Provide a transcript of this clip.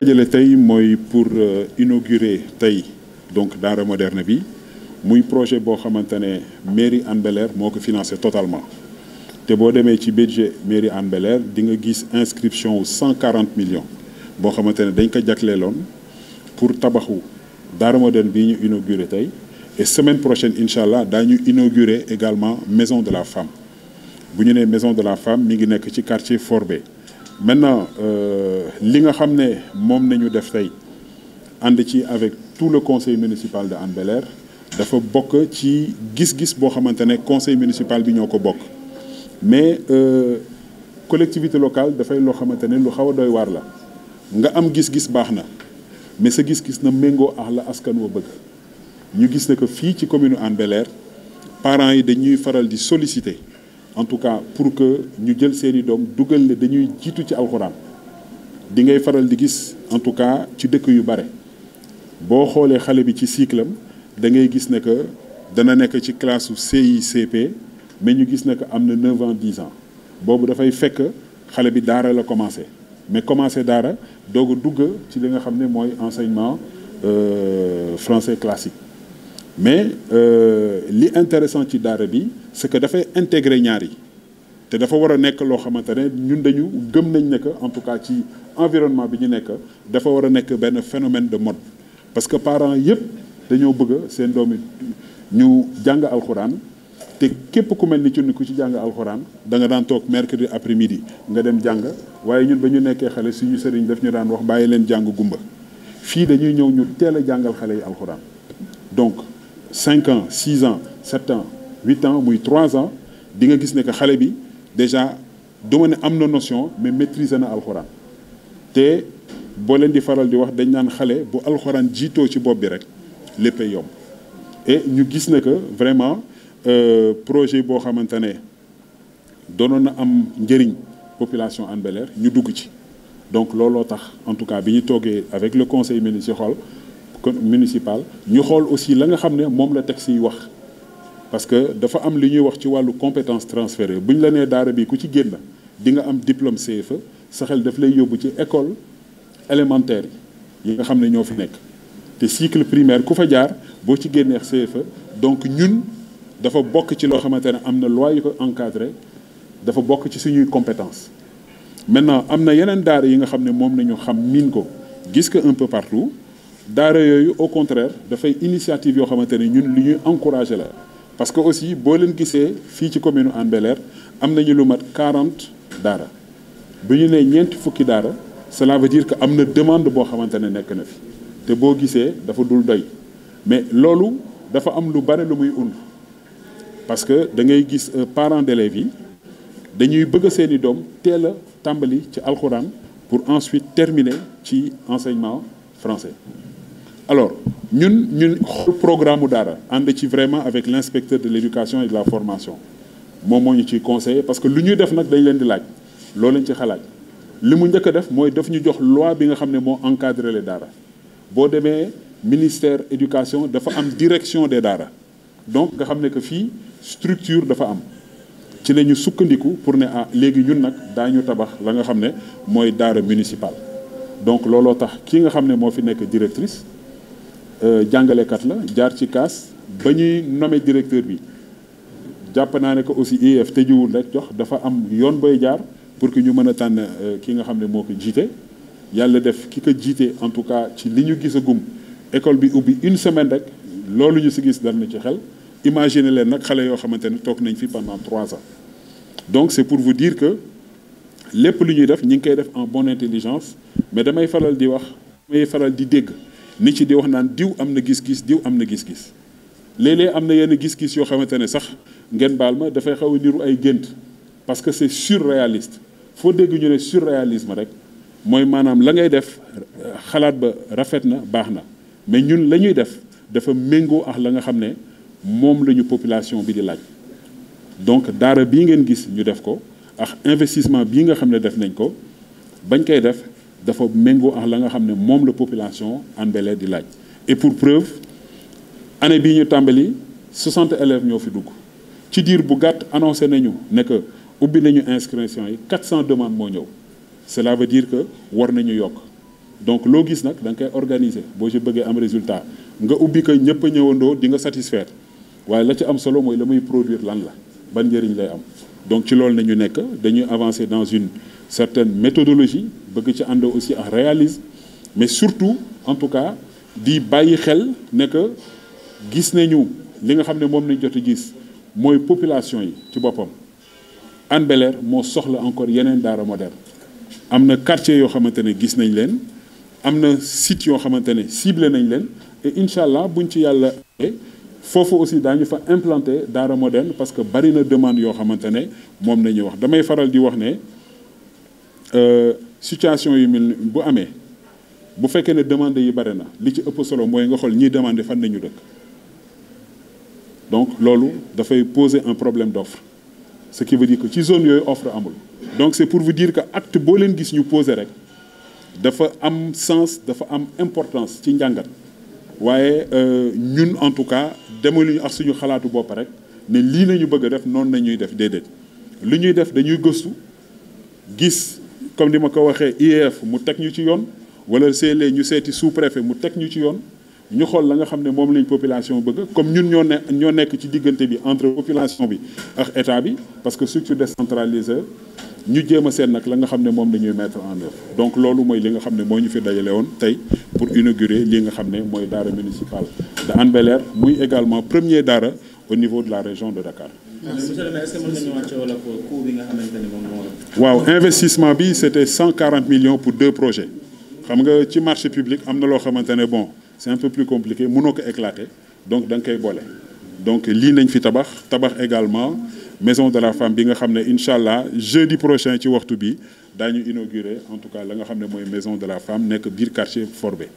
jële tey mooy pour euh, inaugurer tey donc Daara moderne bi muy projet boo xamante ne mairie Hann moo ko financé totalement te boo demee ci budget mairie Hann di nga gis inscription wu 140 millions boo xamante ne dañ ko jagleeloon pour tabaxu Daara moderne bi ñu inauguré tey et semaine prochaine incha allah daañu inaugurer également maison de la femme bu ñu nee maison de la femme mi ngi nekk ci quartier Forbé maintenant euh, li nga xam ne moom ñu def tey ànd ci avec tout le conseil municipal de Hann Bel-Air dafa bokk ci gis-gis boo xamante ne conseil municipal bi ñoo ko bokk mais euh, collectivité locale dafay loo xamante ne lu xaw a doy waar la nga am gis-gis baax na mais sa gis-gis na méngoo ax la askan wa bëgg ñu gis ne que fii ci commune Hann Bel-Air parents yi dañuy faral di solliciter en tout cas pour que ñu jël seeni doom dugal ne dañuy jiitu ci alxuraan di ngay faral di gis en tout cas ci dëkk yu bare boo xoolee xale bi ci cycle am da ngay gis ne que dana nekk ci classe CI CP mais ñu gis ne que am na 9 ans 10 ans boobu dafay fekk xale bi daara la commencé mais commencé daara doog dugg ci li nga xam ne mooy enseignement euh, français classique. mais euh, li intéressant ci daara bi c'est que dafay intégrer ñaar yi te dafa war a nekk loo xamante ne ñun dañu gëm nañ ne que en tout cas ci environnement bi ñu nekk dafa war a nekk benn phénomène de mode parce que parent yëpp dañoo bëgg seen doom yi ñu jàng alxuraan te képp ku mel ni cunni ku ci jàng alxuraan da nga daan toog mercredi après midi nga dem jàng waaye ñun ba ñu nekkee xale suñu sëriñ daf ñu daan wax bàyyi leen jàng gumba fii dañuy ñëw ñu teel a jàngal xale yi alxuraan cinq ans six ans sept ans huit ans muy trois ans di nga gis ne que xale bi déjà du ne am na notion mais maîtriser na alxuraan te boo leen di faral di wax dañ naan xale bu alxuraan jiitoo ci bopp bi rek léppay yomb et ñu gis ne que vraiment euh, projet boo xamante ne doonoon na am njëriñ population Hann bel ñu dugg ci donc looloo tax en tout cas bi ñu toogee avec le conseil si xool municipal ñu xool aussi la nga xam ne moom la texte yi wax parce que dafa am li ñuy wax ci wàllu compétence transférée bu ñu la nee daara bi ku ci génn di nga am diplôme CFE sa xel daf lay yóbbu ci école élémentaire yi nga xam ne ñoo fi nekk te cycle primaire ku fa jaar boo ci génnee CFE donc ñun dafa bokk ci loo xamante ne am na loi yu ko encadré dafa bokk ci suñuy compétence maintenant am na yeneen daara yi nga xam ne moom nañu xam miin ko gis ko un peu daara yooyu au contraire dafay initiative yoo xamante ne ñun lu ñuy encouragé la parce que aussi boo leen gisee fii ci commune Hann Bel-Air am nañu lu mat 40 daara bu ñu nee ñeenti fukki daara cela veut dire que am na demande boo xamante ne nekk na fi te boo gisee dafa dul doy mais loolu dafa am lu bare lu muy und parce que da ngay gis euh, parents d'élèves yi dañuy bëgg seeni doom teel a tàmbali ci alxuraan pour ensuite terminer ci enseignement français alors ñun ñun xool programme mu daara ànd ci vraiment avec l' inspecteur de l' éducation et la formation moom moo ñu ciy conseiller parce que lu ñuy def nag dañ leen di laaj loolu lañ ci xalaat li mu njëkk a def mooy daf ñu jox loi bi nga xam ne moo encadré les daara boo demee ministère éducation dafa am direction des daara donc nga xam ne que fii structure dafa am ci la ñu sukkandiku pour ne ah léegi ñun nag daañu tabax la nga xam ne mooy daara municipal donc looloo tax ki nga xam ne moo fi nekk directrice Euh, jàngalekat la jaar ci kaas ba ñuy nommé directeur bi jàpp naa ne que aussi IEF tëjuwul rek jox dafa am yoon booy jaar pour que ñu mën a tànn euh, ki nga xam ne moo ko jiite yàlla def ki ko jiite en tout cas ci li ñu gisagum école bi ubbi une semaine rek loolu ñu si gis dal na ci xel imaginer leen nag xale yoo xamante ne toog nañ fi pendant trois ans donc c'est pour vous dire que lépp lu ñuy def ñi ngi koy def en bonne intelligence mais damay faral di wax damay faral di dégg nit ci di wax naan diw am na gis-gis diw am na gis-gis léeg-léeg am na yenn gis-gis yoo xamante ne sax ngeen baal ma dafay xaw a niru ay gént parce que c'est surréaliste foo dégg ñu ne surréalisme rek mooy maanaam la ngay def xalaat ba rafet na baax na mais ñun la ñuy def dafa méngoo ax la nga xam ne moom la ñu population bi di laaj donc daara bii ngeen gis ñu def ko ax investissement bii nga xam ne def nañ ko bañ koy def dafa méngoo ak la nga xam ne moom la population Hann bel di laaj et pour preuve année bii ñu tàmbali 60 élèves ñoo fi dugg ci diir bu gàtt annoncé nañu ne que ubbi nañu inscription yi 400 demandes moo ñëw cela veut dire que war nañu yokk donc loo gis nag da nga koy organiser boo ci bëggee am résultat nga ubbi ko ñëpp a ñëwandoo di nga satisfaire waaye la ci am solo mooy la muy produire lan la ban njëriñ lay am donc ci loolu nañu nekk dañuy avancer dans une certaine méthodologie bëgg ci ànd aussi en réalisme mais surtout en tout cas di bàyyi xel ne que gis nañu li nga xam ne moom lañ jot a gis mooy population yi ci boppam Hann bel moo soxla encore yeneen daara moderne am na quartier yoo xamante ne gis nañ leen am na site yoo xamante ne ciblé nañ leen et incha allah buñ ci yàlla foofu aussi daa daañu fa implanté daara moderne parce que bari na demande yoo xamante ne moom nañuy wax damay faral di wax ne euh, situation yu mel bu amee bu fekkee ne demande yi bare na li ci ëpp solo mooy nga xool ñiy demande fan nañu dëkk donc loolu dafay poser un problème d'offre ce qui veut dire que ci zone yooyu offre amul donc c'est pour vous dire que acte boo leen gis ñu poser rek dafa am sens dafa am importance ci njàngat waaye euh, ñun en tout cas demaluñu ak suñu xalaatu bopp rek ne lii nañu bëgg a def noonu na ñuy def déedéet li ñuy def dañuy gëstu gis comme ni ma ko waxee IEF mu teg ñu ci yoon wala CLE ñu seeti sous-préfet mu teg ñu ci yoon ñu xool la nga xam ne moom lañ population bëgg comme ñun ñoo ne ñoo nekk ci diggante bi entre population bi ak état bi parce que surtout décentralisée ñu jéem a seet nag la nga xam ne moom la ñuy mettre en œuvre donc loolu mooy li nga xam ne moo ñu fi dajale woon tey pour inaugurer li nga xam ne mooy daara municipal de Hann Bel-Air muy également premier daara au niveau de la région de Dakar waaw investissement bi c'était 140 millions pour deux projets xam nga ci marché public am na loo xamante ne bon c'est un peu plus compliqué mënoo ko éclater donc da nga koy boole donc lii nañ fi tabax tabax également maison de la femme bi nga xam ne incha allah jeudi prochain ci waxtu bi ñu inaugurer en tout cas la nga xam ne mooy maison de la femme nekk biir quartier Forbé